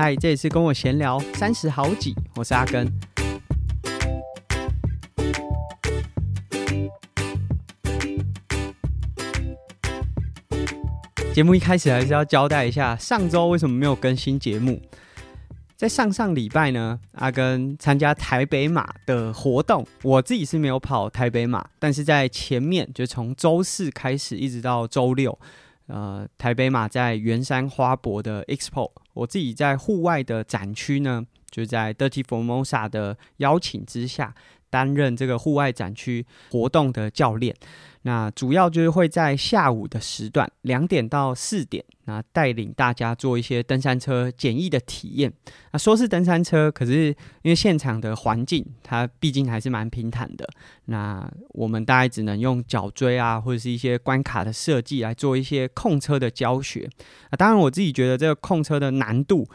嗨，Hi, 這次是跟我閒聊三十好幾，我是阿耕。節目一開始還是要交代一下，上周為什麼沒有更新節目？在上上禮拜呢，阿耕參加台北馬的活動，我自己是沒有跑台北馬，但是在前面就是從周四開始一直到周六。呃，台北馬在圓山花博的 Expo，我自己在戶外的展區呢，就在 Dirty Formosa 的邀請之下。擔任這個戶外展區活動的教練，那主要就是會在下午的時段，兩點到四點，那帶領大家做一些登山車簡易的體驗。那、啊、說是登山車，可是因為現場的環境，它畢竟還是蠻平坦的，那我們大概只能用角錐啊，或者是一些關卡的設計來做一些控車的教學。那、啊、當然，我自己覺得這個控車的難度。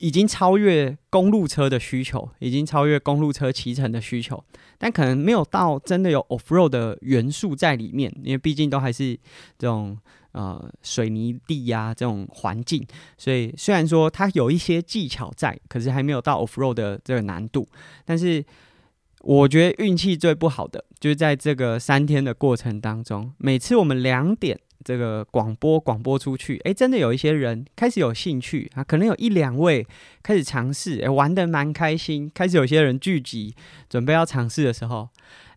已經超越公路車的需求，已經超越公路車騎乘的需求，但可能沒有到真的有 off road 的元素在裡面，因為畢竟都還是這種呃水泥地呀、啊、這種環境，所以雖然說它有一些技巧在，可是還沒有到 off road 的這個難度。但是我覺得運氣最不好的，就是在這個三天的過程當中，每次我們兩點。這個廣播廣播出去，哎，真的有一些人開始有興趣啊，可能有一兩位開始嘗試，哎，玩得蠻開心，開始有些人聚集，準備要嘗試的時候，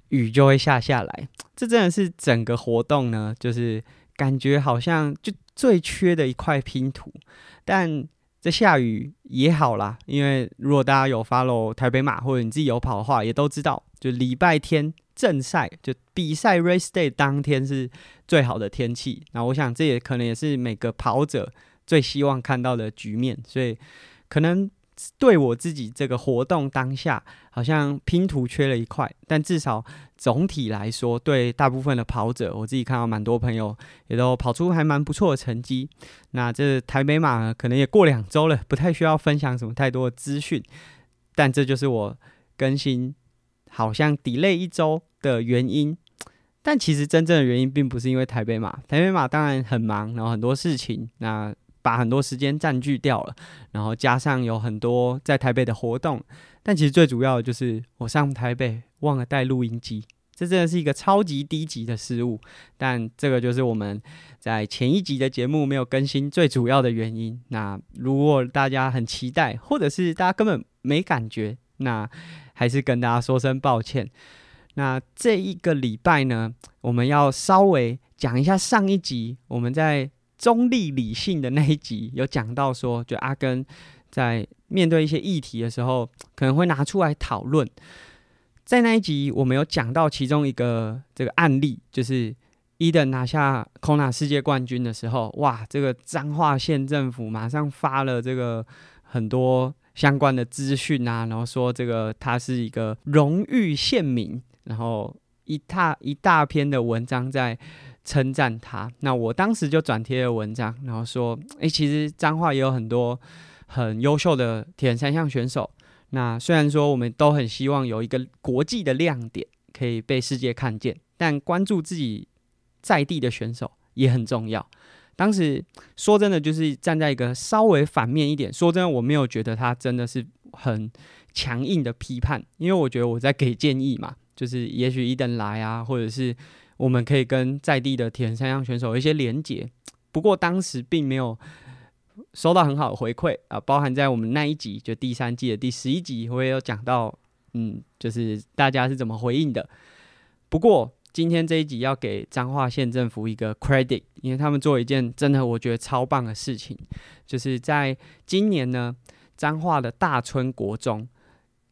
雨就會下下來。這真的是整個活動呢，就是感覺好像就最缺的一塊拼圖，但。這下雨也好啦，因為如果大家有 follow 台北馬，或者你自己有跑的話，也都知道，就禮拜天正賽，就比賽 race day 當天是最好的天氣。那我想這也可能也是每個跑者最希望看到的局面，所以可能。對我自己這個活動當下，好像拼圖缺了一塊，但至少總體來說，對大部分的跑者，我自己看到蠻多朋友也都跑出還蠻不錯的成績。那這台北馬可能也過兩週了，不太需要分享什麼太多的資訊。但這就是我更新好像 delay 一週的原因。但其實真正的原因並不是因為台北馬，台北馬當然很忙，然後很多事情。那把很多時間占據掉了，然後加上有很多在台北的活動，但其實最主要的就是我上台北忘了帶錄音機，這真的是一個超級低級的失誤。但這個就是我們在前一集的節目沒有更新最主要的原因。那如果大家很期待，或者是大家根本沒感覺，那還是跟大家說聲抱歉。那這一個禮拜呢，我們要稍微講一下上一集，我們在。中立理性的那一集有講到說，就阿耕在面對一些議題的時候，可能會拿出來討論。在那一集，我們有講到其中一個這個案例，就是伊、e、登拿下 Kona 世界冠軍的時候，哇，這個彰化縣政府馬上發了這個很多相關的資訊啊，然後說這個他是一個榮譽縣民，然後一大一大篇的文章在稱讚他，那我當時就轉貼了文章，然後說：誒、欸，其實彰化也有很多很優秀的鐵人三項選手。那雖然說我們都很希望有一個國際的亮點可以被世界看見，但關注自己在地的選手也很重要。當時說真的，就是站在一個稍微反面一點，說真的，我沒有覺得他真的是很強硬的批判，因為我覺得我在給建議嘛，就是也許伊登來啊，或者是。我們可以跟在地的鐵人三項選手有一些連結，不過當時並沒有收到很好的回饋啊。包含在我們那一集，就第三季的第十一集，我也有講到，嗯，就是大家是怎麼回應的。不過今天這一集要給彰化縣政府一個 credit，因為他們做了一件真的我覺得超棒的事情，就是在今年呢，彰化的大村國中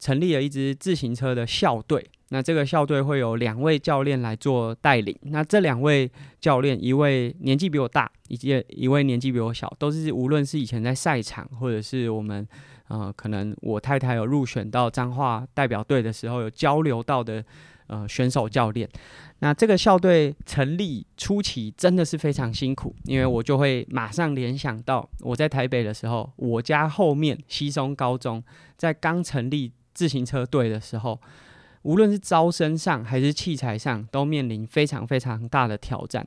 成立了一支自行車的校隊。那這個校隊會有兩位教練來做帶領。那這兩位教練，一位年紀比我大，以及一位年紀比我小，都是無論是以前在賽場，或者是我們，呃，可能我太太有入選到彰化代表隊的時候，有交流到的，呃，選手教練。那這個校隊成立初期真的是非常辛苦，因為我就會馬上聯想到我在台北的時候，我家後面西松高中，在剛成立自行車隊的時候。無論是招生上還是器材上，都面臨非常非常大的挑戰。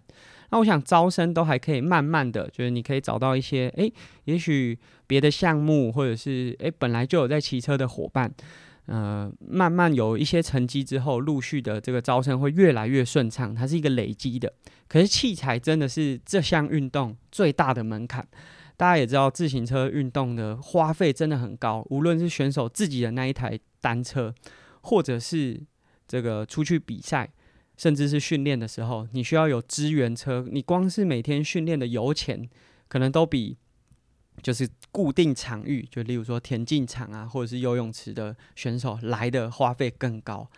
那我想招生都還可以慢慢的，就是你可以找到一些，誒、欸，也許別的項目或者是誒、欸，本來就有在騎車的伙伴，嗯、呃，慢慢有一些成績之後，陸續的這個招生會越來越順暢，它是一個累積的。可是器材真的是這項運動最大的門檻，大家也知道自行車運動的花費真的很高，無論是選手自己的那一台單車。或者是這個出去比賽，甚至是訓練的時候，你需要有支援車。你光是每天訓練的油錢，可能都比就是固定場域，就例如說田徑場啊，或者是游泳池的選手來的花費更高。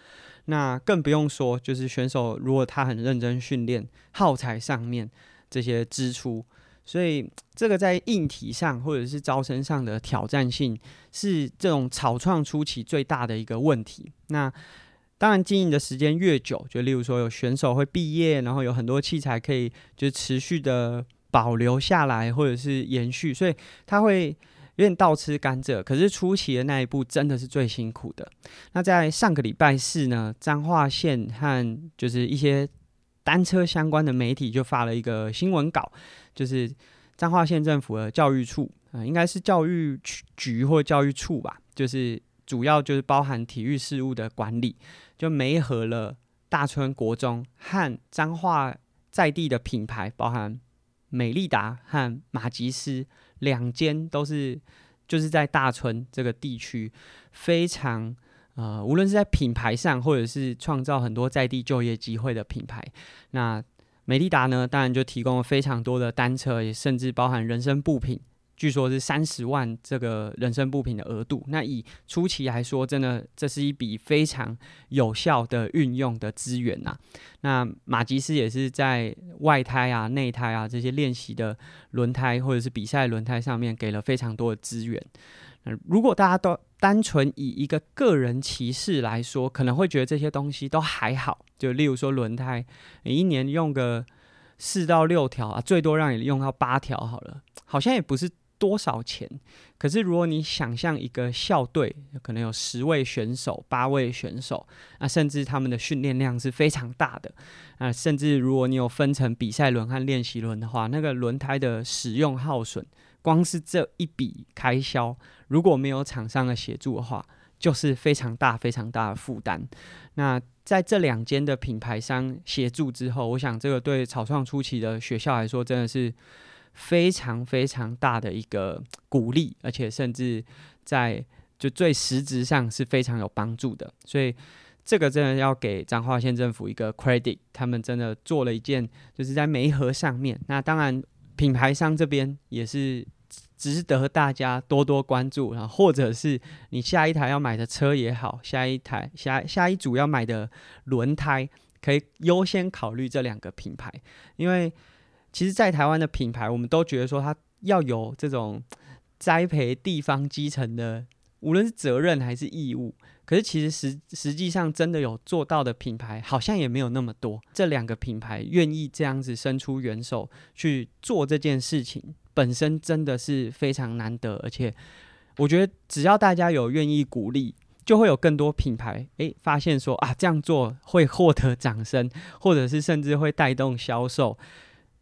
那更不用說，就是選手如果他很認真訓練，耗材上面這些支出。所以這個在硬體上或者是招生上的挑戰性，是這種草創初期最大的一個問題。那當然經營的時間越久，就例如說有選手會畢業，然後有很多器材可以就是、持續的保留下來或者是延續，所以它會有點倒吃甘蔗。可是初期的那一步真的是最辛苦的。那在上個禮拜四呢，彰化縣和就是一些。單車相關的媒體就發了一個新聞稿，就是彰化縣政府的教育處啊、呃，應該是教育局或教育處吧，就是主要就是包含體育事務的管理，就媒合了大村國中和彰化在地的品牌，包含美利達和瑪吉斯兩間，都是就是在大村這個地區非常。呃，無論是在品牌上，或者是創造很多在地就業機會的品牌，那美利達呢，當然就提供了非常多的單車，也甚至包含人身部品，據說是三十萬這個人身部品的額度。那以初期來說，真的這是一筆非常有效的運用的資源吶、啊。那馬吉斯也是在外胎啊、內胎啊這些練習的輪胎或者是比賽輪胎上面給了非常多的資源。嗯、如果大家都單純以一個個人騎士來說，可能會覺得這些東西都還好。就例如說輪胎，你一年用個四到六條啊，最多讓你用到八條好了，好像也不是多少錢。可是如果你想象一個校隊，可能有十位選手、八位選手，那、啊、甚至他們的訓練量是非常大的。啊，甚至如果你有分成比賽輪和練習輪的話，那個輪胎的使用耗損，光是這一筆開銷。如果沒有廠商的協助的話，就是非常大、非常大的負擔。那在這兩間的品牌商協助之後，我想這個對草創初期的學校來說，真的是非常非常大的一個鼓勵，而且甚至在就最實質上是非常有幫助的。所以這個真的要給彰化縣政府一個 credit，他們真的做了一件就是在媒合上面。那當然，品牌商這邊也是。值得大家多多關注啊，然後或者是你下一台要買的車也好，下一台下下一組要買的輪胎可以優先考慮這兩個品牌，因為其實，在台灣的品牌，我們都覺得說它要有這種栽培地方基層的，無論是責任還是義務。可是，其實實實際上真的有做到的品牌，好像也沒有那麼多。這兩個品牌願意這樣子伸出援手去做這件事情。本身真的是非常難得，而且我覺得只要大家有願意鼓勵，就會有更多品牌誒、欸、發現說啊，這樣做會獲得掌聲，或者是甚至會帶動銷售，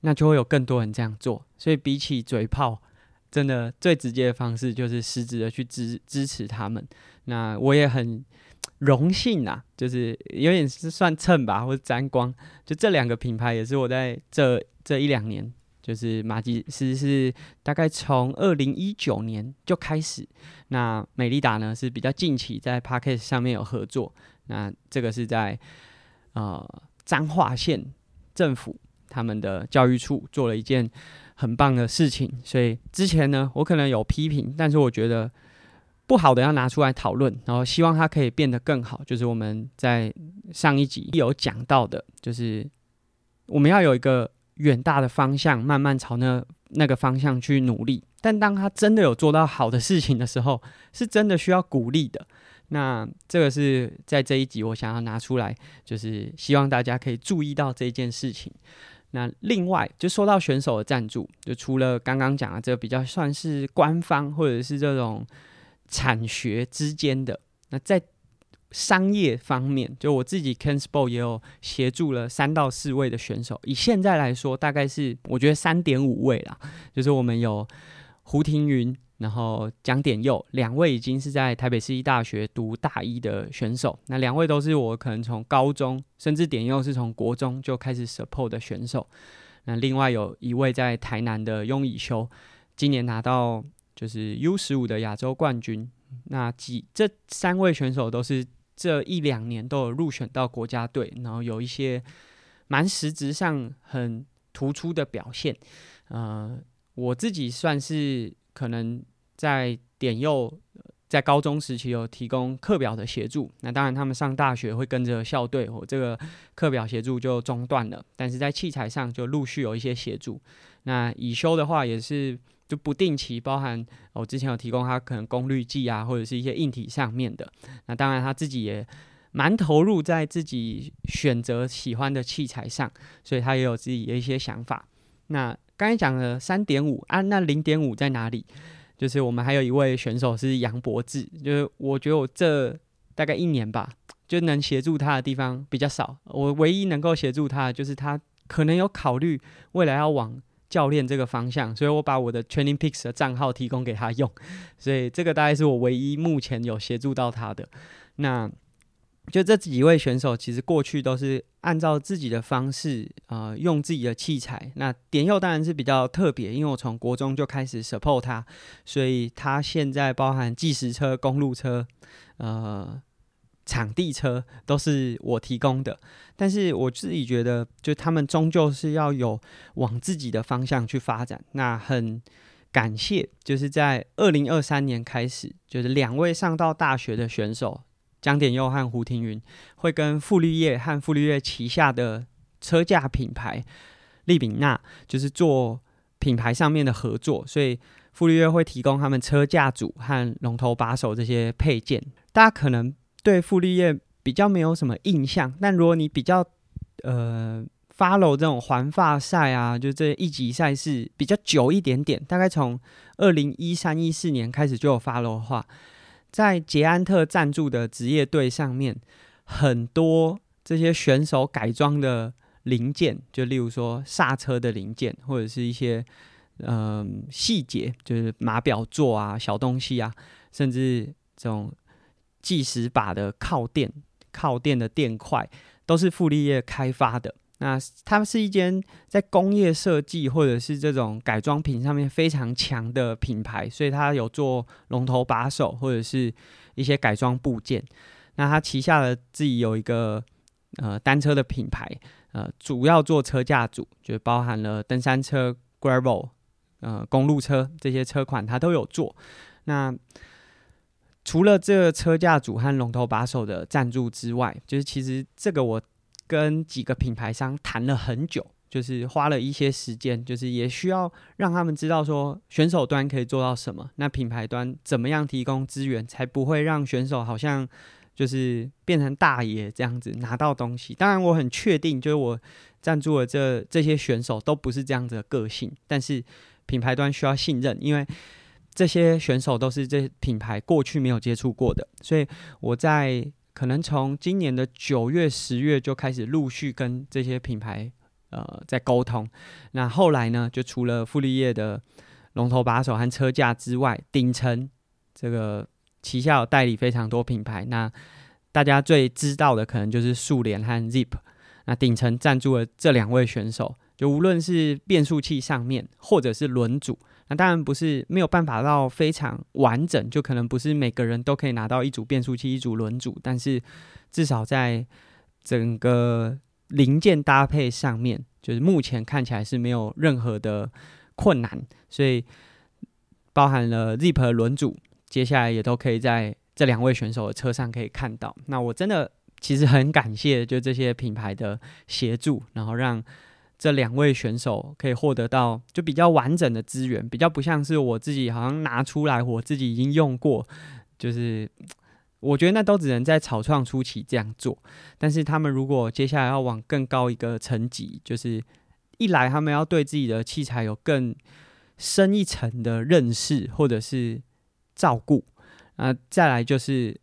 那就會有更多人這樣做。所以比起嘴炮，真的最直接的方式就是實質的去支支持他們。那我也很榮幸啊，就是有點是算蹭吧，或者沾光。就這兩個品牌也是我在這這一兩年。就是馬吉斯是大概從二零一九年就開始，那美麗達呢是比較近期在 Podcast 上面有合作，那這個是在呃彰化縣政府他們的教育處做了一件很棒的事情，所以之前呢我可能有批評，但是我覺得不好的要拿出來討論，然後希望它可以變得更好。就是我們在上一集有講到的，就是我們要有一個。遠大的方向，慢慢朝那那個方向去努力，但當他真的有做到好的事情的時候，是真的需要鼓勵的。那這個是在這一集我想要拿出來，就是希望大家可以注意到這件事情。那另外，就說到選手的贊助，就除了剛剛講的這個，比較算是官方或者是這種產學之間的，那在。商業方面，就我自己 Kenspo 也有協助了三到四位的選手，以現在來說，大概是我覺得三點五位啦。就是我們有胡廷云，然後蔣典佑兩位已經是在台北市立大學讀大一的選手，那兩位都是我可能從高中，甚至典佑是從國中就開始 support 的選手。那另外有一位在台南的雍以修，今年拿到就是 U 十五的亞洲冠軍。那幾這三位選手都是。這一兩年都有入選到國家隊，然後有一些蠻實質上很突出的表現。呃，我自己算是可能在點佑在高中時期有提供課表的協助。那當然，他們上大學會跟着校隊，我這個課表協助就中斷了。但是在器材上就陸續有一些協助。那以修的話也是就不定期，包含我之前有提供他可能功率計啊，或者是一些硬體上面的。那當然他自己也蠻投入在自己選擇喜歡的器材上，所以他也有自己的一些想法。那剛才講了三點五啊，那零點五在哪裡？就是我們還有一位選手是楊博智，就是我覺得我這大概一年吧，就能協助他的地方比較少。我唯一能夠協助他的，就是他可能有考慮未來要往。教練這個方向，所以我把我的 Training Peaks 的賬號提供給他用，所以這個大概是我唯一目前有協助到他的。那就這幾位選手，其實過去都是按照自己的方式啊，呃，用自己的器材。那典佑當然是比較特別，因為我從國中就開始 support 他，所以他現在包含計時車、公路車，呃，場地車都是我提供的，但是我自己覺得，就他們終究是要有往自己的方向去發展。那很感謝，就是在二零二三年開始，就是兩位上到大學的選手江典佑和胡庭雲，會跟富綠葉和富綠葉旗下的車架品牌利比納，就是做品牌上面的合作。所以富綠葉會提供他們車架組和龍頭把手這些配件。大家可能。對傅立葉比較沒有什麼印象，但如果你比較，呃，follow 這種環法賽啊，就這一級賽事比較久一點點，大概從二零一三一四年開始就有 follow 的話，在捷安特贊助的職業隊上面，很多這些選手改裝的零件，就例如說剎車的零件，或者是一些嗯、呃、細節，就是碼表座啊、小東西啊，甚至這種。計時把的靠墊、靠墊的墊塊都是富立業開發的。那它是一間在工業設計或者是這種改裝品上面非常強的品牌，所以它有做龍頭把手或者是一些改裝部件。那它旗下的自己有一個呃單車的品牌，呃，主要做車架組，就包含了登山車、gravel、呃、呃公路車這些車款，它都有做。那除了這個車架組和龍頭把手的贊助之外，就是其實這個我跟幾個品牌商談了很久，就是花了一些時間，就是也需要讓他們知道說，選手端可以做到什麼，那品牌端怎麼樣提供資源才不會讓選手好像就是變成大爺這樣子拿到東西。當然我很確定，就是我贊助的這這些選手都不是這樣子的個性，但是品牌端需要信任，因為，這些選手都是這些品牌過去沒有接觸過的，所以我在可能從今年的九月、十月就開始陸續跟這些品牌呃在溝通。那後來呢，就除了富利葉的龍頭把手和車架之外，頂層這個旗下有代理非常多品牌。那大家最知道的可能就是速聯和 ZIP。那頂層贊助了這兩位選手，就無論是變速器上面，或者是輪組。那、啊、當然不是沒有辦法到非常完整，就可能不是每個人都可以拿到一組變速器、一組輪組，但是至少在整個零件搭配上面，就是目前看起來是沒有任何的困難，所以包含了 ZIP 的輪組，接下來也都可以在這兩位選手的車上可以看到。那我真的其實很感謝就這些品牌的協助，然後讓。這兩位選手可以獲得到就比較完整的資源，比較不像是我自己好像拿出來，我自己已經用過，就是我覺得那都只能在草創初期這樣做。但是他們如果接下來要往更高一個層級，就是一來他們要對自己的器材有更深一層的認識，或者是照顧啊，那再來就是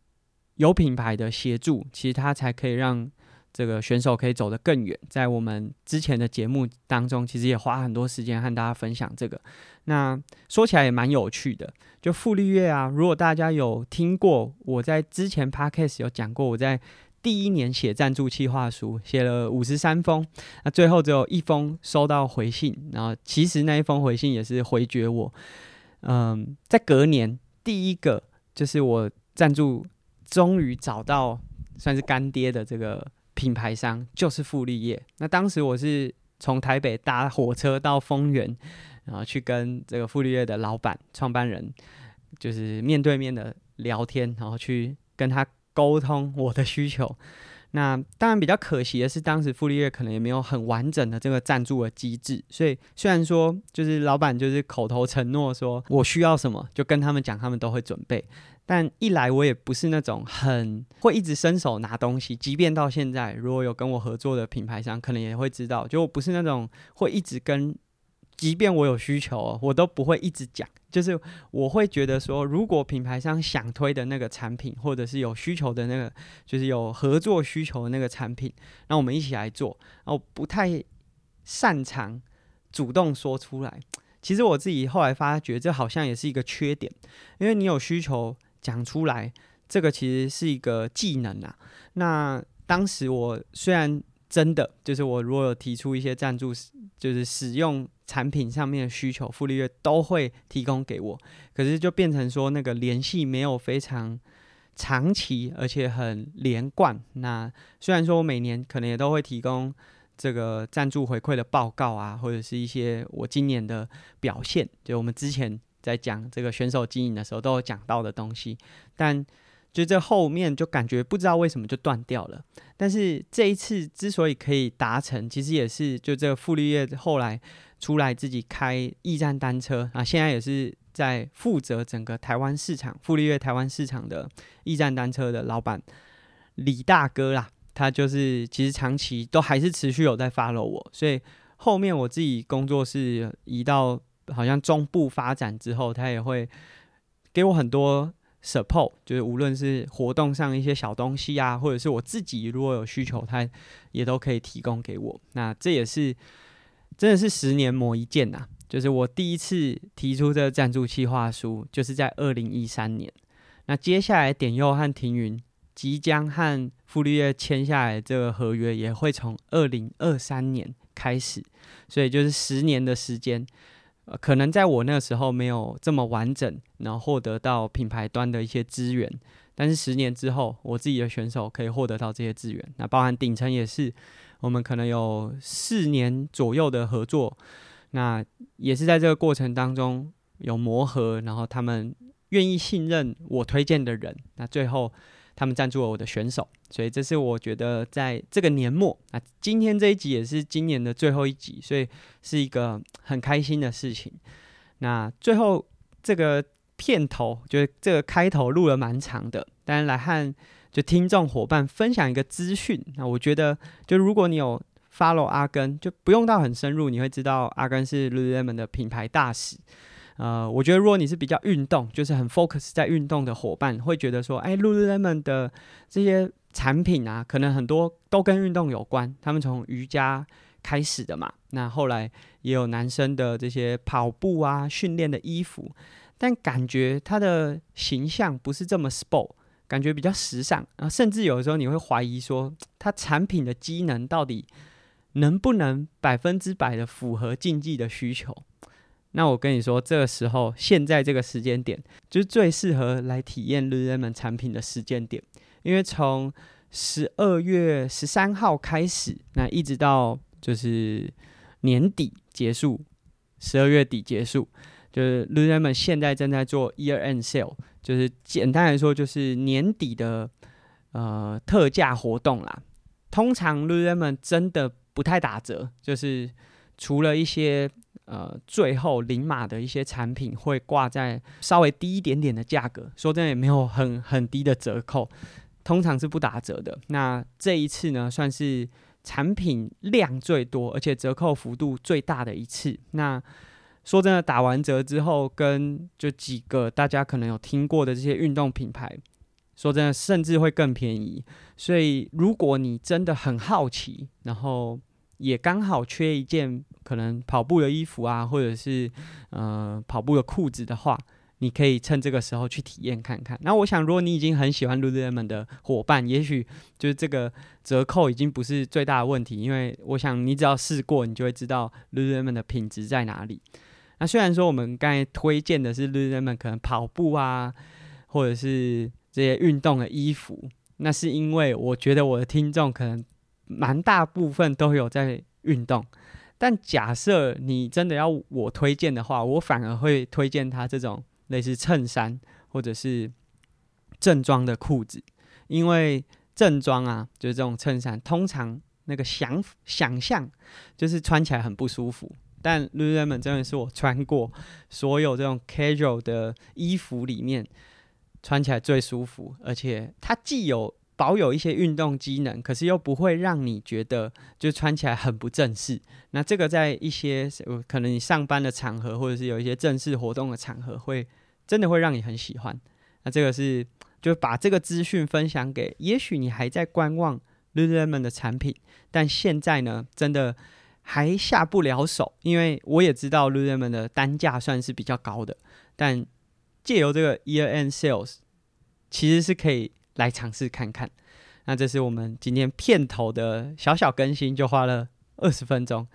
有品牌的協助，其實它才可以讓。這個選手可以走得更遠。在我們之前的節目當中，其實也花很多時間和大家分享這個。那說起來也蠻有趣的，就傅立月啊。如果大家有聽過，我在之前 podcast 有講過，我在第一年寫贊助企劃書，寫了五十三封，那、啊、最後只有一封收到回信。然後其實那一封回信也是回絕我。嗯，在隔年第一個就是我贊助，終於找到算是乾爹的這個。品牌商就是富立業。那當時我是從台北搭火車到豐原，然後去跟這個富立業的老板、創辦人，就是面對面的聊天，然後去跟他溝通我的需求。那當然比較可惜的是，當時傅立葉可能也沒有很完整的這個贊助的機制，所以雖然說就是老板就是口頭承諾說，我需要什麼就跟他們講，他們都會準備，但一來我也不是那種很會一直伸手拿東西，即便到現在如果有跟我合作的品牌商，可能也會知道，就我不是那種會一直跟。即便我有需求，我都不會一直講。就是我會覺得說，如果品牌商想推的那個產品，或者是有需求的那個，就是有合作需求的那個產品，那我們一起來做。然後不太擅長主動說出來。其實我自己後來發覺，這好像也是一個缺點，因為你有需求講出來，這個其實是一個技能啊。那當時我雖然。真的就是我，如果有提出一些贊助，就是使用產品上面的需求，福利都會提供給我。可是就變成說，那個聯繫沒有非常長期，而且很連貫。那雖然說我每年可能也都會提供這個贊助回饋的報告啊，或者是一些我今年的表現，就我們之前在講這個選手經營的時候都有講到的東西，但。就這後面就感覺不知道為什麼就斷掉了，但是這一次之所以可以達成，其實也是就這個傅立葉後來出來自己開驛站單車啊，現在也是在負責整個台灣市場，傅立葉台灣市場的驛站單車的老闆李大哥啦。他就是其實長期都還是持續有在 follow 我，所以後面我自己工作室移到好像中部發展之後，他也會給我很多，Support 就是無論是活動上一些小東西啊，或者是我自己如果有需求，他也都可以提供給我。那這也是真的是十年磨一劍吶、啊，就是我第一次提出這個贊助計劃書，就是在二零一三年。那接下來點佑和庭云即將和傅立葉簽下來這個合約，也會從二零二三年開始，所以就是十年的時間。呃，可能在我那個時候沒有這麼完整，然後獲得到品牌端的一些資源，但是十年之後，我自己的選手可以獲得到這些資源，那包含頂層也是，我們可能有四年左右的合作，那也是在這個過程當中有磨合，然後他們願意信任我推薦的人，那最後。他們贊助了我的選手，所以這是我覺得在這個年末，那今天這一集也是今年的最後一集，所以是一個很開心的事情。那最後這個片頭，就是這個開頭錄了蠻長的，但來和就聽眾夥伴分享一個資訊。那我覺得，就如果你有 follow 阿耕，就不用到很深入，你會知道阿耕是 Lululemon 的品牌大使。呃，我覺得如果你是比較運動，就是很 focus 在運動的夥伴，會覺得說，哎，Lululemon 的這些產品啊，可能很多都跟運動有關。他們從瑜伽開始的嘛，那後來也有男生的這些跑步啊、訓練的衣服，但感覺他的形象不是這麼 sport，感覺比較時尚，然、啊、甚至有的時候你會懷疑說，它產品的機能到底能不能百分之百的符合競技的需求？那我跟你說，這個時候，現在這個時間點就是最適合來體驗 Lululemon 產品的時間點，因為從十二月十三號開始，那一直到就是年底結束，十二月底結束，就是 Lululemon 現在正在做 Year End Sale，就是簡單來說就是年底的呃特價活動啦。通常 Lululemon 真的不太打折，就是除了一些。呃，最後零碼的一些產品會掛在稍微低一點點的價格，說真的也沒有很很低的折扣，通常是不打折的。那這一次呢，算是產品量最多，而且折扣幅度最大的一次。那說真的，打完折之後，跟就幾個大家可能有聽過的這些運動品牌，說真的甚至會更便宜。所以如果你真的很好奇，然後也剛好缺一件。可能跑步的衣服啊，或者是嗯、呃，跑步的褲子的話，你可以趁這個時候去體驗看看。那我想，如果你已經很喜歡 Lululemon 的夥伴，也許就是這個折扣已經不是最大的問題，因為我想你只要試過，你就會知道 Lululemon 的品質在哪裡。那雖然說我們該推薦的是 Lululemon 可能跑步啊，或者是這些運動的衣服，那是因為我覺得我的聽眾可能蠻大部分都有在運動。但假設你真的要我推薦的話，我反而會推薦他這種類似襯衫或者是正裝的褲子，因為正裝啊，就是這種襯衫，通常那個想想象就是穿起來很不舒服。但 Lululemon 真的是我穿過所有這種 casual 的衣服裡面穿起來最舒服，而且它既有。保有一些運動機能，可是又不會讓你覺得就穿起來很不正式。那這個在一些可能你上班的場合，或者是有一些正式活動的場合，會真的會讓你很喜歡。那這個是就把這個資訊分享給，也許你還在觀望 lululemon 的產品，但現在呢，真的還下不了手，因為我也知道 lululemon 的單價算是比較高的，但借由這個 year-end sales 其實是可以。來嘗試看看，那這是我們今天片頭的小小更新，就花了二十分鐘。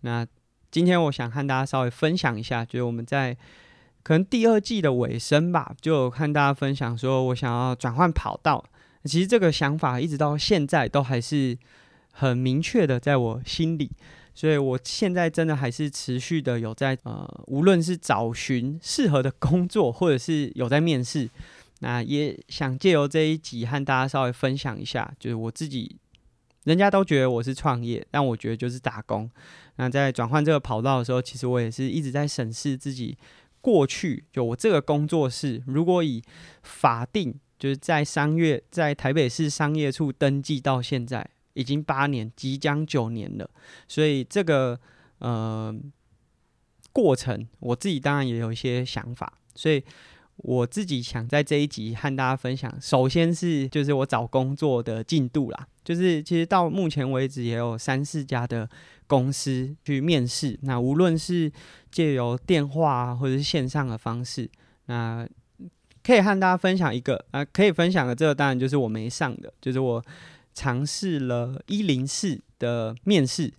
那今天我想和大家稍微分享一下，就是我們在可能第二季的尾聲吧，就有和大家分享說我想要轉換跑道。其實這個想法一直到現在都還是很明確的在我心裡，所以我現在真的還是持續的有在呃，無論是找尋適合的工作，或者是有在面試。那也想借由這一集和大家稍微分享一下，就是我自己，人家都覺得我是創業，但我覺得就是打工。那在轉換這個跑道的時候，其實我也是一直在審視自己過去。就我這個工作室，如果以法定，就是在商業，在台北市商業處登記到現在已經八年，即將九年了。所以這個呃過程，我自己當然也有一些想法，所以。我自己想在這一集和大家分享，首先是就是我找工作的進度啦，就是其實到目前為止也有三四家的公司去面試，那無論是借由電話或者是線上的方式，那可以和大家分享一個啊，可以分享的這個當然就是我沒上的，就是我嘗試了一零四的面試。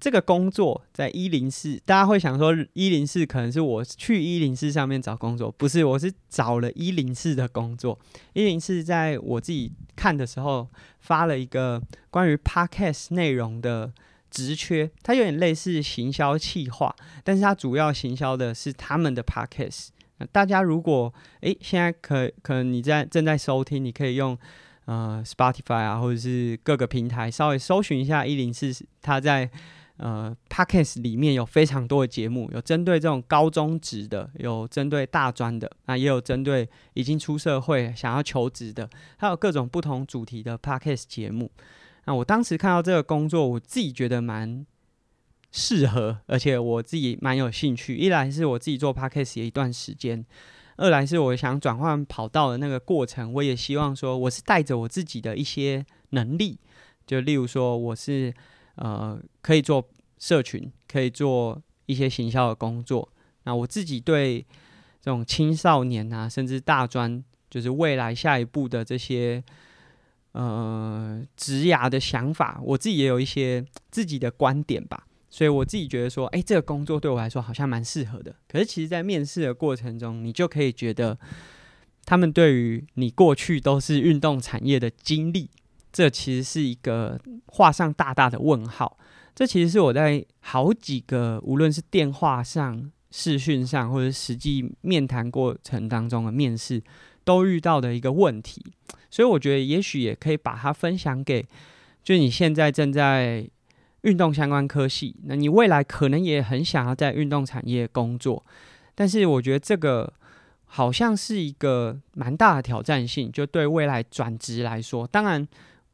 這個工作在一零四，大家會想說一零四可能是我去一零四上面找工作，不是，我是找了一零四的工作。一零四在我自己看的時候發了一個關於 podcast 內容的職缺，它有點類似行銷企劃，但是它主要行銷的是他們的 podcast。大家如果誒現在可可能你在正在收聽，你可以用，呃，Spotify 啊，或者是各個平台稍微搜尋一下一零四，它在。呃 Podcast 裡面有非常多的節目，有針對這種高中職的，有針對大專的，啊，也有針對已經出社會想要求職的，還有各種不同主題的 Podcast 節目。那、啊、我當時看到這個工作，我自己覺得蠻適合，而且我自己蠻有興趣。一來是我自己做 Podcast 也一段時間，二來是我想轉換跑道的那個過程，我也希望說我是帶着我自己的一些能力，就例如說我是。呃，可以做社群，可以做一些行銷的工作。那我自己對這種青少年啊，甚至大專，就是未來下一步的這些呃職涯的想法，我自己也有一些自己的觀點吧。所以我自己覺得說，哎，這個工作對我來說好像蠻適合的。可是其實在面試的過程中，你就可以覺得他們對於你過去都是運動產業的經歷。這其實是一個畫上大大的問號。這其實是我在好幾個，無論是電話上、視訊上，或者實際面談過程當中的面試，都遇到的一個問題。所以我覺得，也許也可以把它分享給，就你現在正在運動相關科系，那你未來可能也很想要在運動產業工作，但是我覺得這個好像是一個蠻大的挑戰性，就對未來轉職來說，當然。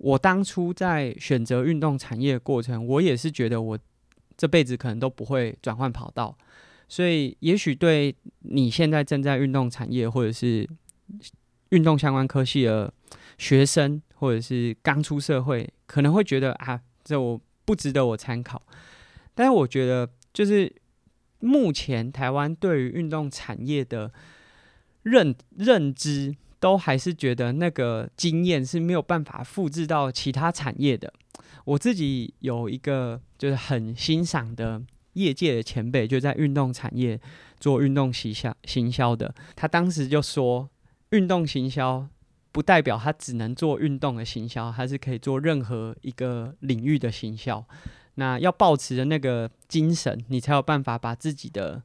我當初在選擇運動產業的過程，我也是覺得我這輩子可能都不會轉換跑道，所以也許對你現在正在運動產業或者是運動相關科系的學生，或者是剛出社會，可能會覺得啊，這我不值得我參考。但是我覺得，就是目前台灣對於運動產業的認認知都還是覺得那個經驗是沒有辦法複製到其他產業的。我自己有一個就是很欣賞的業界的前輩，就在運動產業做運動行銷行銷的。他當時就說，運動行銷不代表他只能做運動的行銷，他是可以做任何一個領域的行銷。那要抱持的那個精神，你才有辦法把自己的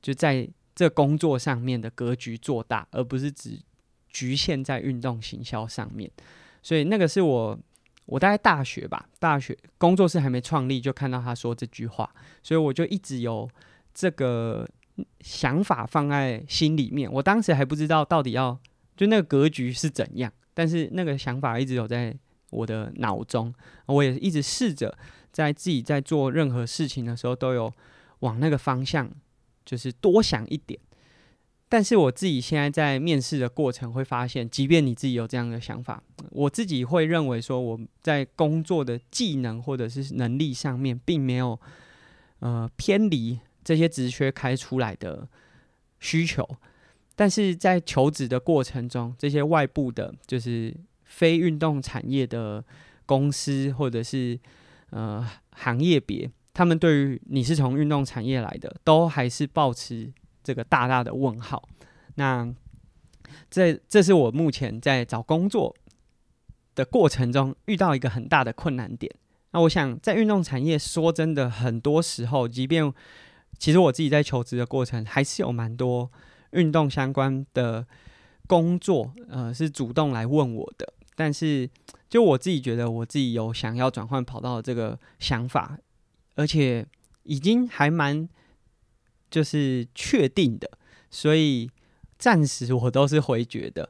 就在這工作上面的格局做大，而不是只。侷限在運動行銷上面，所以那個是我，我大概大學吧，大學工作室還沒創立，就看到他說這句話，所以我就一直有這個想法放在心裡面。我當時還不知道到底要，就那個格局是怎樣，但是那個想法一直有在我的腦中，我也一直試着在自己在做任何事情的時候，都有往那個方向，就是多想一點。但是我自己現在在面試的過程會發現，即便你自己有這樣的想法，我自己會認為說，我在工作的技能或者是能力上面並沒有呃偏離這些職缺開出來的需求，但是在求職的過程中，這些外部的，就是非運動產業的公司或者是呃行業別，他們對於你是從運動產業來的，都還是抱持。這個大大的問號，那這這是我目前在找工作的過程中遇到一個很大的困難點。那我想在運動產業，說真的，很多時候，即便其實我自己在求職的過程，還是有蠻多運動相關的工作，呃，是主動來問我的。但是，就我自己覺得，我自己有想要轉換跑道的這個想法，而且已經還蠻。就是確定的，所以暫時我都是回絕的。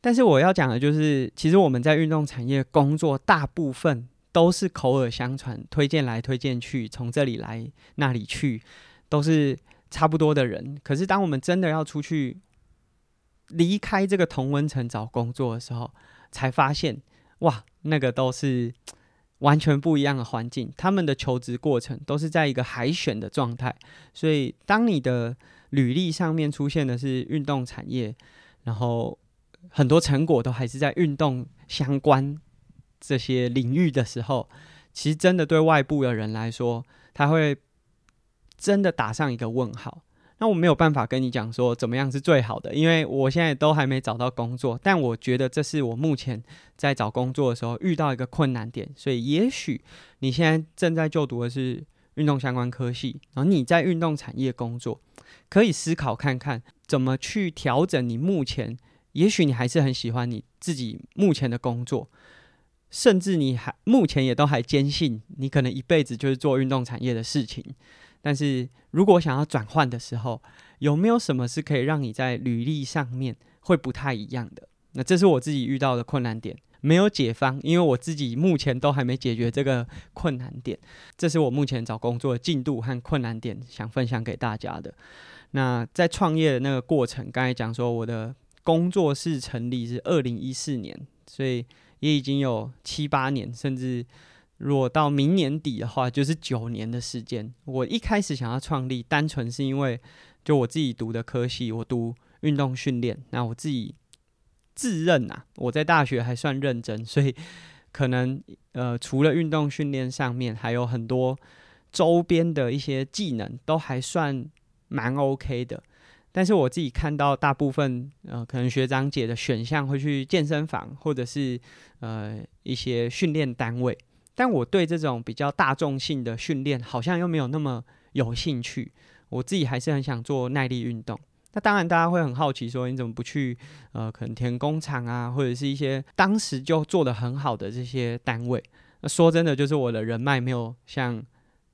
但是我要講的就是，其實我們在運動產業工作，大部分都是口耳相傳，推薦來推薦去，從這裡來那裡去，都是差不多的人。可是當我們真的要出去離開這個同溫層找工作的時候，才發現，哇，那個都是。完全不一樣的環境，他們的求職過程都是在一個海選的狀態，所以當你的履歷上面出現的是運動產業，然後很多成果都還是在運動相關這些領域的時候，其實真的對外部的人來說，他會真的打上一個問號。那我沒有辦法跟你講說怎麼樣是最好的，因為我現在都還沒找到工作。但我覺得這是我目前在找工作的時候遇到一個困難點，所以也許你現在正在就讀的是運動相關科系，然後你在運動產業工作，可以思考看看怎麼去調整你目前。也許你還是很喜歡你自己目前的工作，甚至你還目前也都還堅信你可能一輩子就是做運動產業的事情。但是，如果想要轉換的時候，有沒有什麼是可以讓你在履歷上面會不太一樣的？那這是我自己遇到的困難點，沒有解方，因為我自己目前都還沒解決這個困難點。這是我目前找工作的進度和困難點想分享給大家的。那在創業的那個過程，剛才講說我的工作室成立是二零一四年，所以也已經有七八年，甚至。如果到明年底的話，就是九年的時間。我一開始想要創立，單純是因為就我自己讀的科系，我讀運動訓練，那我自己自認啊，我在大學還算認真，所以可能呃，除了運動訓練上面，還有很多周邊的一些技能都還算蠻 OK 的。但是我自己看到大部分呃，可能學長姐的選項會去健身房，或者是呃一些訓練單位。但我對這種比較大眾性的訓練好像又沒有那麼有興趣，我自己還是很想做耐力運動。那當然，大家會很好奇說，你怎麼不去呃，可能鐵人工廠啊，或者是一些當時就做得很好的這些單位？那說真的，就是我的人脈沒有像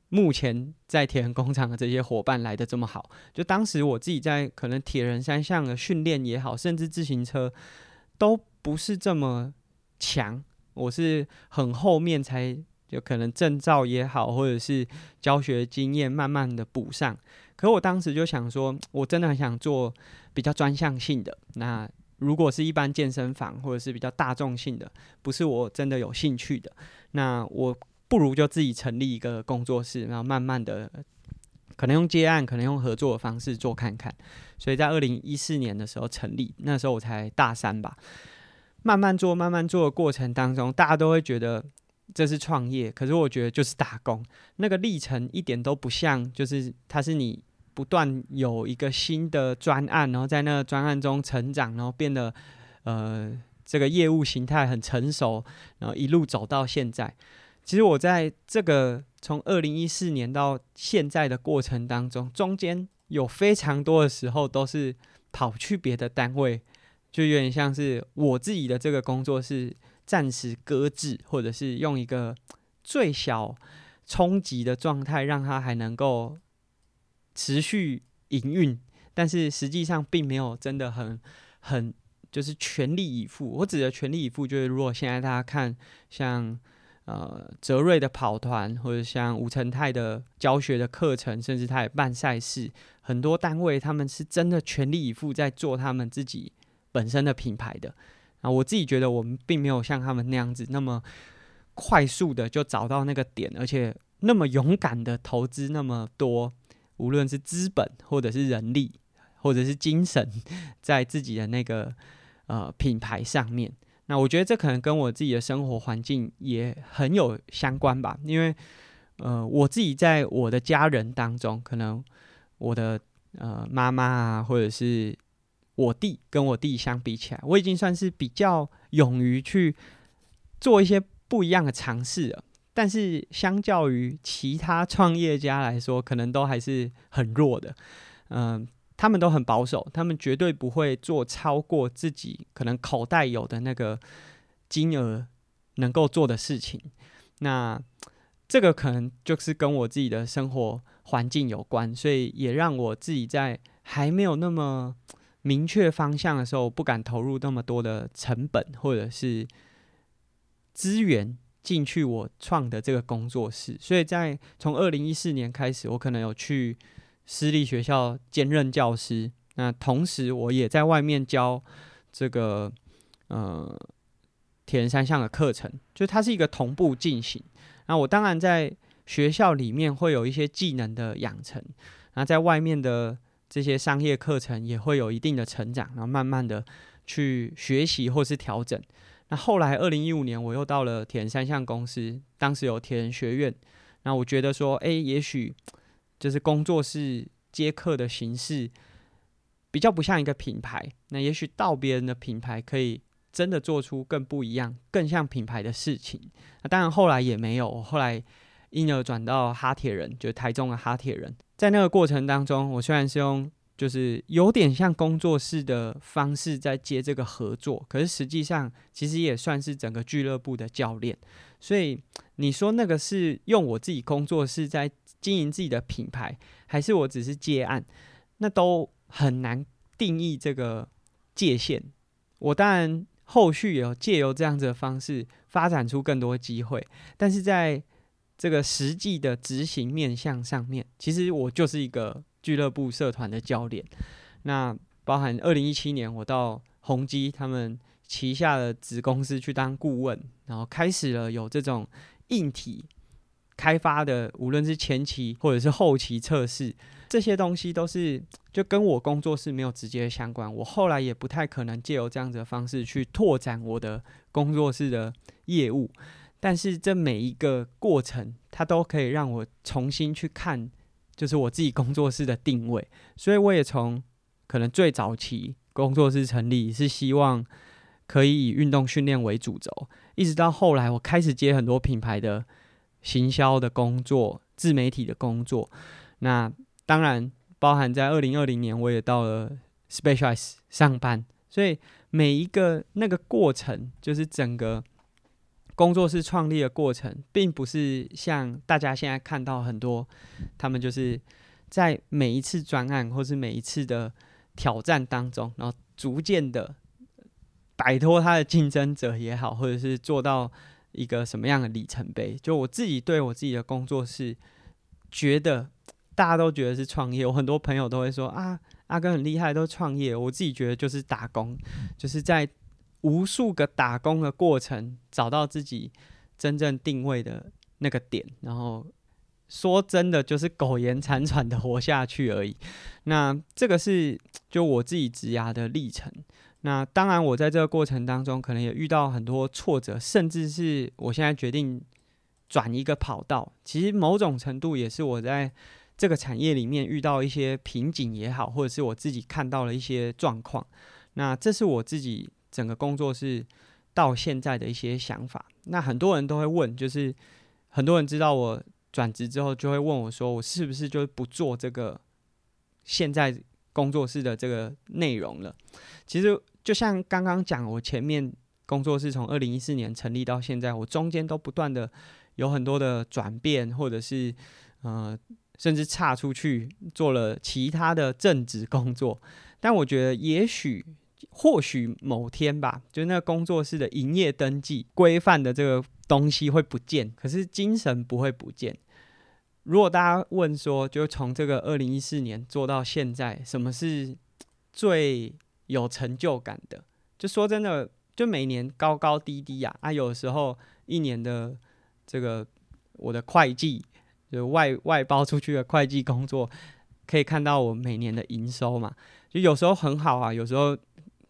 目前在鐵人工廠的這些夥伴來得這麼好。就當時我自己在可能鐵人三項的訓練也好，甚至自行車都不是這麼強。我是很後面才，就可能證照也好，或者是教學經驗，慢慢的補上。可我當時就想說，我真的很想做比較專項性的。那如果是一般健身房或者是比較大眾性的，不是我真的有興趣的，那我不如就自己成立一個工作室，然後慢慢的可能用接案，可能用合作的方式做看看。所以在二零一四年的時候成立，那時候我才大三吧。慢慢做，慢慢做的過程當中，大家都會覺得這是創業，可是我覺得就是打工。那個歷程一點都不像，就是它是你不斷有一個新的專案，然後在那個專案中成長，然後變得呃這個業務形態很成熟，然後一路走到現在。其實我在這個從二零一四年到現在的過程當中，中間有非常多的時候都是跑去別的單位。就有點像是我自己的這個工作是暫時擱置，或者是用一個最小衝擊的狀態，讓它還能夠持續營運。但是實際上並沒有真的很很就是全力以赴。我指的全力以赴，就是如果現在大家看像呃澤瑞的跑團，或者像吳承泰的教學的課程，甚至他也辦賽事，很多單位他們是真的全力以赴在做他們自己。本身的品牌的啊。我自己覺得我們並沒有像他們那樣子那麼快速的就找到那個點，而且那麼勇敢的投資那麼多，無論是資本或者是人力或者是精神，在自己的那個呃品牌上面。那我覺得這可能跟我自己的生活環境也很有相關吧，因為呃我自己在我的家人當中，可能我的呃媽媽啊或者是。我弟跟我弟相比起來，我已經算是比較勇於去做一些不一樣的嘗試了。但是，相較於其他創業家來說，可能都還是很弱的。嗯，他們都很保守，他們絕對不會做超過自己可能口袋有的那個金額能夠做的事情。那這個可能就是跟我自己的生活環境有關，所以也讓我自己在還沒有那麼。明確方向的時候，我不敢投入那麼多的成本或者是資源進去。我創的這個工作室，所以在從二零一四年開始，我可能有去私立學校兼任教師，那同時我也在外面教這個呃鐵人三項的課程，就它是一個同步進行。那我當然在學校裡面會有一些技能的養成，那在外面的。這些商業課程也會有一定的成長，然後慢慢的去學習或是調整。那後來二零一五年我又到了鐵人三項公司，當時有鐵人學院，那我覺得說，誒、欸，也許就是工作室接客的形式比較不像一個品牌，那也許到別人的品牌可以真的做出更不一樣、更像品牌的事情。那當然後來也沒有，後來。因而轉到哈鐵人，就是台中的哈鐵人。在那個過程當中，我雖然是用就是有點像工作室的方式在接這個合作，可是實際上其實也算是整個俱樂部的教練。所以你說那個是用我自己工作室在經營自己的品牌，還是我只是接案，那都很難定義這個界限。我當然後續也有借由這樣子的方式發展出更多機會，但是在。這個實際的執行面向上面，其實我就是一個俱樂部社團的教練。那包含二零一七年，我到宏基他們旗下的子公司去當顧問，然後開始了有這種硬體開發的，無論是前期或者是後期測試，這些東西都是就跟我工作室沒有直接相關。我後來也不太可能借由這樣子的方式去拓展我的工作室的業務。但是這每一個過程，它都可以讓我重新去看，就是我自己工作室的定位。所以我也從可能最早期工作室成立是希望可以以運動訓練為主軸，一直到後來我開始接很多品牌的行銷的工作、自媒體的工作。那當然包含在二零二零年，我也到了 Specialized 上班。所以每一個那個過程，就是整個。工作室創立的過程，並不是像大家現在看到很多，他們就是在每一次專案或是每一次的挑戰當中，然後逐漸的擺脫他的競爭者也好，或者是做到一個什麼樣的里程碑。就我自己對我自己的工作室，覺得大家都覺得是創業，我很多朋友都會說啊，阿耕很厲害，都創業。我自己覺得就是打工，嗯、就是在。無數個打工的過程，找到自己真正定位的那個點，然後說真的，就是苟延殘喘的活下去而已。那這個是就我自己職涯的歷程。那當然，我在這個過程當中，可能也遇到很多挫折，甚至是我現在決定轉一個跑道。其實某種程度也是我在這個產業裡面遇到一些瓶頸也好，或者是我自己看到了一些狀況。那這是我自己。整個工作室到現在的一些想法，那很多人都會問，就是很多人知道我轉職之後，就會問我說，我是不是就不做這個現在工作室的這個內容了？其實就像剛剛講，我前面工作室從二零一四年成立到現在，我中間都不斷地有很多的轉變，或者是呃，甚至岔出去做了其他的正職工作，但我覺得也許。或許某天吧，就那個工作室的營業登記規範的這個東西會不見，可是精神不會不見。如果大家問說，就從這個二零一四年做到現在，什麼是最有成就感的？就說真的，就每年高高低低呀！啊，啊，有時候一年的這個我的會計就外外包出去的會計工作，可以看到我每年的營收嘛，就有時候很好啊，有時候。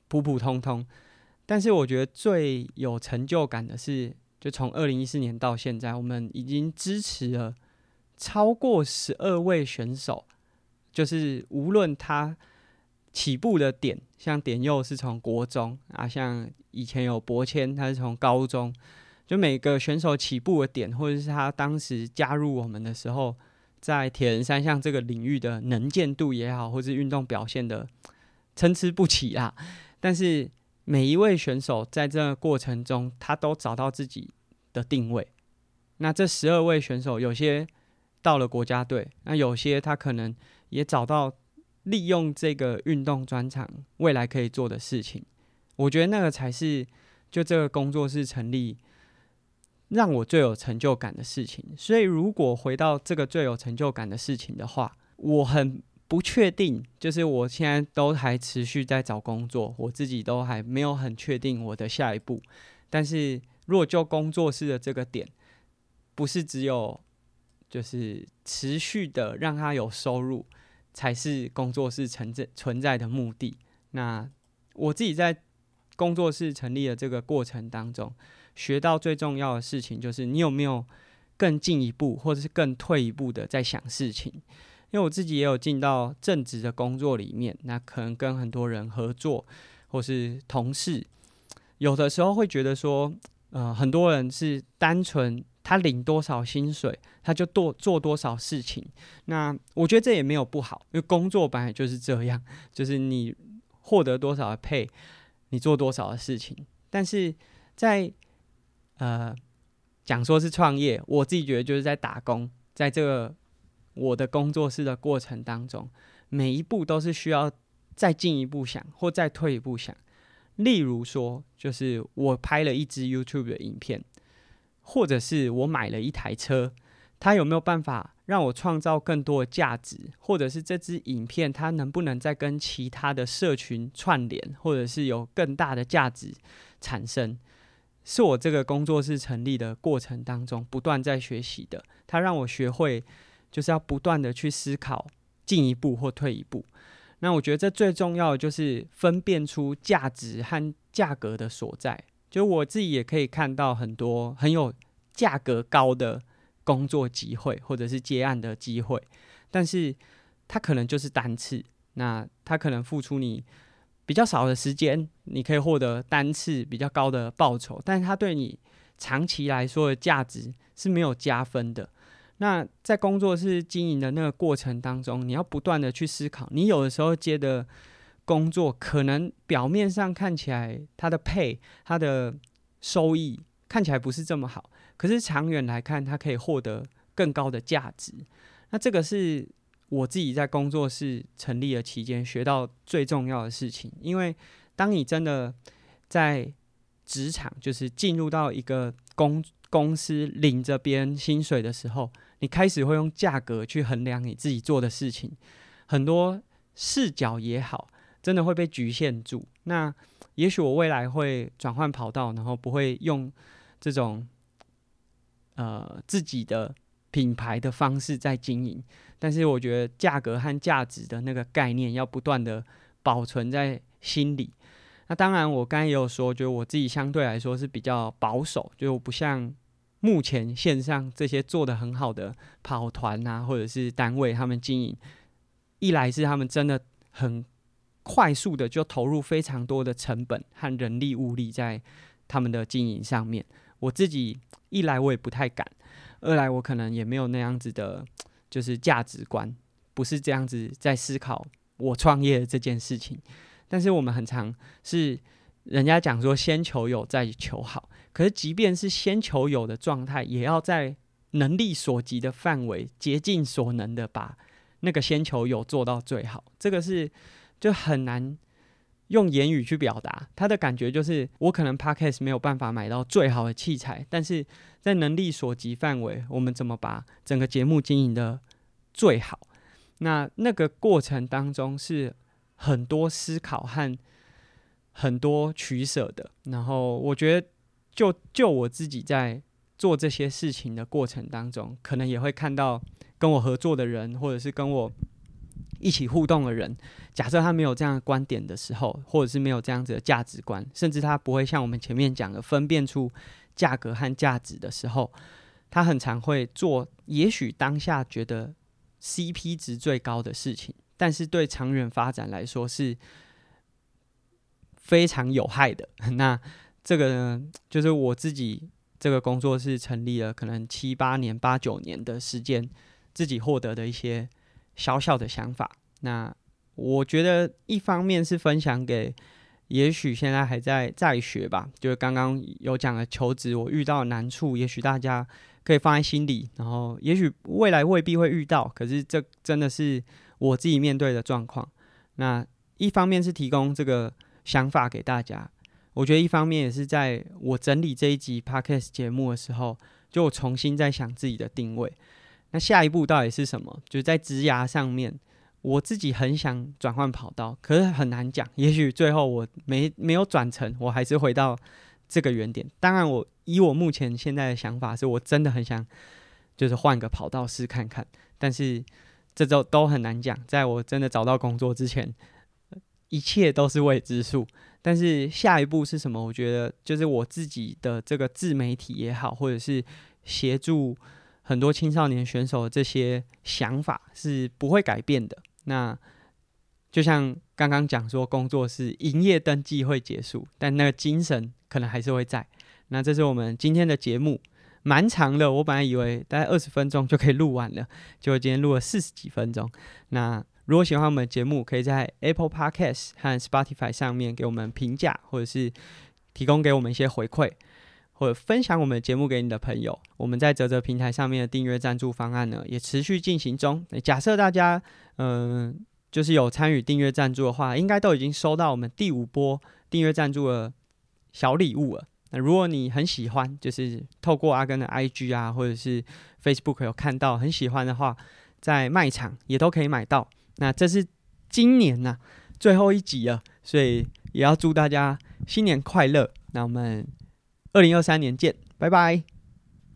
普普通通，但是我覺得最有成就感的是，就從二零一四年到現在，我們已經支持了超過十二位選手，就是無論他起步的點，像典佑是從國中啊，像以前有博謙他是從高中，就每個選手起步的點，或者是他當時加入我們的時候，在鐵人三項這個領域的能見度也好，或是運動表現的參差不齊啊。但是每一位選手在這個過程中，他都找到自己的定位。那這十二位選手，有些到了國家隊，那有些他可能也找到利用這個運動專長未來可以做的事情。我覺得那個才是就這個工作室成立讓我最有成就感的事情。所以，如果回到這個最有成就感的事情的話，我很。不確定，就是我現在都還持續在找工作，我自己都還沒有很確定我的下一步。但是如果就工作室的這個點，不是只有就是持續的讓他有收入，才是工作室存在存在的目的。那我自己在工作室成立的這個過程當中，學到最重要的事情就是，你有沒有更進一步，或者是更退一步的在想事情。因為我自己也有進到正職的工作裡面，那可能跟很多人合作，或是同事，有的時候會覺得說，呃，很多人是單純他領多少薪水，他就多做，做多少事情。那我覺得這也沒有不好，因為工作本來就是這樣，就是你獲得多少的 pay，你做多少的事情。但是在呃，講說是創業，我自己覺得就是在打工，在這個。我的工作室的過程當中，每一步都是需要再進一步想，或再退一步想。例如說，就是我拍了一支 YouTube 的影片，或者是我買了一台車，它有沒有辦法讓我創造更多的價值？或者是這支影片它能不能再跟其他的社群串聯，或者是有更大的價值產生？是我這個工作室成立的過程當中不斷在學習的，它讓我學會。就是要不斷的去思考，進一步或退一步。那我覺得這最重要的就是分辨出價值和價格的所在。就我自己也可以看到很多很有價格高的工作機會，或者是接案的機會，但是它可能就是單次，那它可能付出你比較少的時間，你可以獲得單次比較高的報酬，但是它對你長期來說的價值是沒有加分的。那在工作室經營的那個過程當中，你要不斷的去思考，你有的時候接的工作，可能表面上看起來它的 pay、它的收益看起來不是這麼好，可是長遠來看，它可以獲得更高的價值。那這個是我自己在工作室成立的期間學到最重要的事情，因為當你真的在職場，就是進入到一個公公司領着別人薪水的時候，你開始會用價格去衡量你自己做的事情，很多視角也好，真的會被局限住。那也許我未來會轉換跑道，然後不會用這種呃自己的品牌的方式在經營。但是我覺得價格和價值的那個概念要不斷的保存在心裡。那當然，我剛才也有說，覺得我自己相對來說是比較保守，就我不像。目前線上這些做得很好的跑團啊，或者是單位他們經營，一來是他們真的很快速的就投入非常多的成本和人力物力在他們的經營上面。我自己一來我也不太敢，二來我可能也沒有那樣子的，就是價值觀不是這樣子在思考我創業的這件事情。但是我們很常是。人家講說先求有再求好，可是即便是先求有的狀態，也要在能力所及的範圍，竭盡所能的把那個先求有做到最好。這個是就很難用言語去表達。他的感覺就是，我可能 Podcast 沒有辦法買到最好的器材，但是在能力所及範圍，我們怎麼把整個節目經營得最好？那那個過程當中是很多思考和。很多取捨的，然後我覺得就，就就我自己在做這些事情的過程當中，可能也會看到跟我合作的人，或者是跟我一起互動的人，假設他沒有這樣的觀點的時候，或者是沒有這樣子的價值觀，甚至他不會像我們前面講的分辨出價格和價值的時候，他很常會做，也許當下覺得 CP 值最高的事情，但是對長遠發展來說是。非常有害的。那這個呢，就是我自己這個工作室成立了可能七八年、八九年的時間，自己獲得的一些小小的想法。那我覺得，一方面是分享給也許現在還在在學吧，就是剛剛有講的求職，我遇到的難處，也許大家可以放在心裡。然後，也許未來未必會遇到，可是這真的是我自己面對的狀況。那一方面是提供這個。想法給大家，我覺得一方面也是在我整理這一集 podcast 節目的時候，就我重新在想自己的定位。那下一步到底是什麼？就是、在職涯上面，我自己很想轉換跑道，可是很難講。也許最後我沒沒有轉成，我還是回到這個原點。當然我，我以我目前現在的想法是，是我真的很想，就是換個跑道試看看。但是這都都很難講，在我真的找到工作之前。一切都是未知數，但是下一步是什麼？我覺得就是我自己的這個自媒體也好，或者是協助很多青少年選手，這些想法是不會改變的。那就像剛剛講說，工作室營業登記會結束，但那個精神可能還是會在。那這是我們今天的節目，蠻長的。我本來以為大概二十分鐘就可以錄完了，結果今天錄了四十幾分鐘。那如果喜歡我們的節目，可以在 Apple Podcast 和 Spotify 上面給我們評價，或者是提供給我們一些回饋，或者分享我們的節目給你的朋友。我們在嘖嘖平台上面的訂閱贊助方案呢，也持續進行中。假設大家嗯、呃，就是有參與訂閱贊助的話，應該都已經收到我們第五波訂閱贊助的小禮物了。那如果你很喜歡，就是透過阿耕的 IG 啊，或者是 Facebook 有看到很喜歡的話，在賣場也都可以買到。那這是今年吶，啊，最後一集了，所以也要祝大家新年快樂。那我們二零二三年見，拜拜。